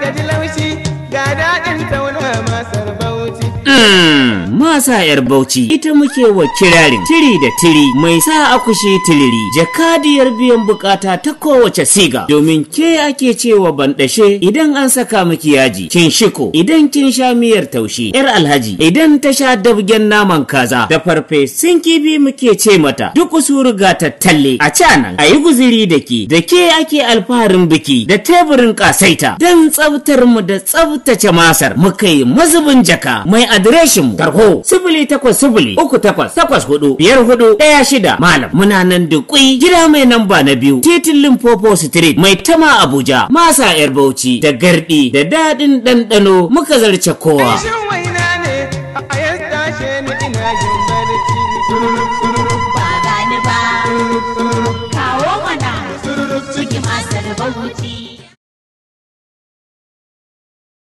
ka laushi ga daɗin taunuwa masar bauchi. Hmm. masa yar bauchi ita muke wa kirarin tiri da tiri mai sa akushi tiliri jakadiyar biyan bukata ta kowace siga domin ke ake cewa bandashe idan an saka miki yaji kin shiko idan kin sha miyar taushe yar alhaji idan ta sha dabgen naman kaza da farfe sun kibi muke ce mata duk usuru ga tattalle a canan Ayi guziri da ke da ke ake alfaharin biki da teburin kasaita Dan tsaftar mu da tsaftace masar muka yi mazubin jaka mai adireshin mu karho Kano sifili takwas sifili uku takwas takwas hudu biyar hudu ɗaya shida malam muna nan dukwi gida mai namba na biyu titin Limpopo Street mai tama Abuja masa yar Bauchi da gardi da daɗin ɗanɗano muka zarce kowa.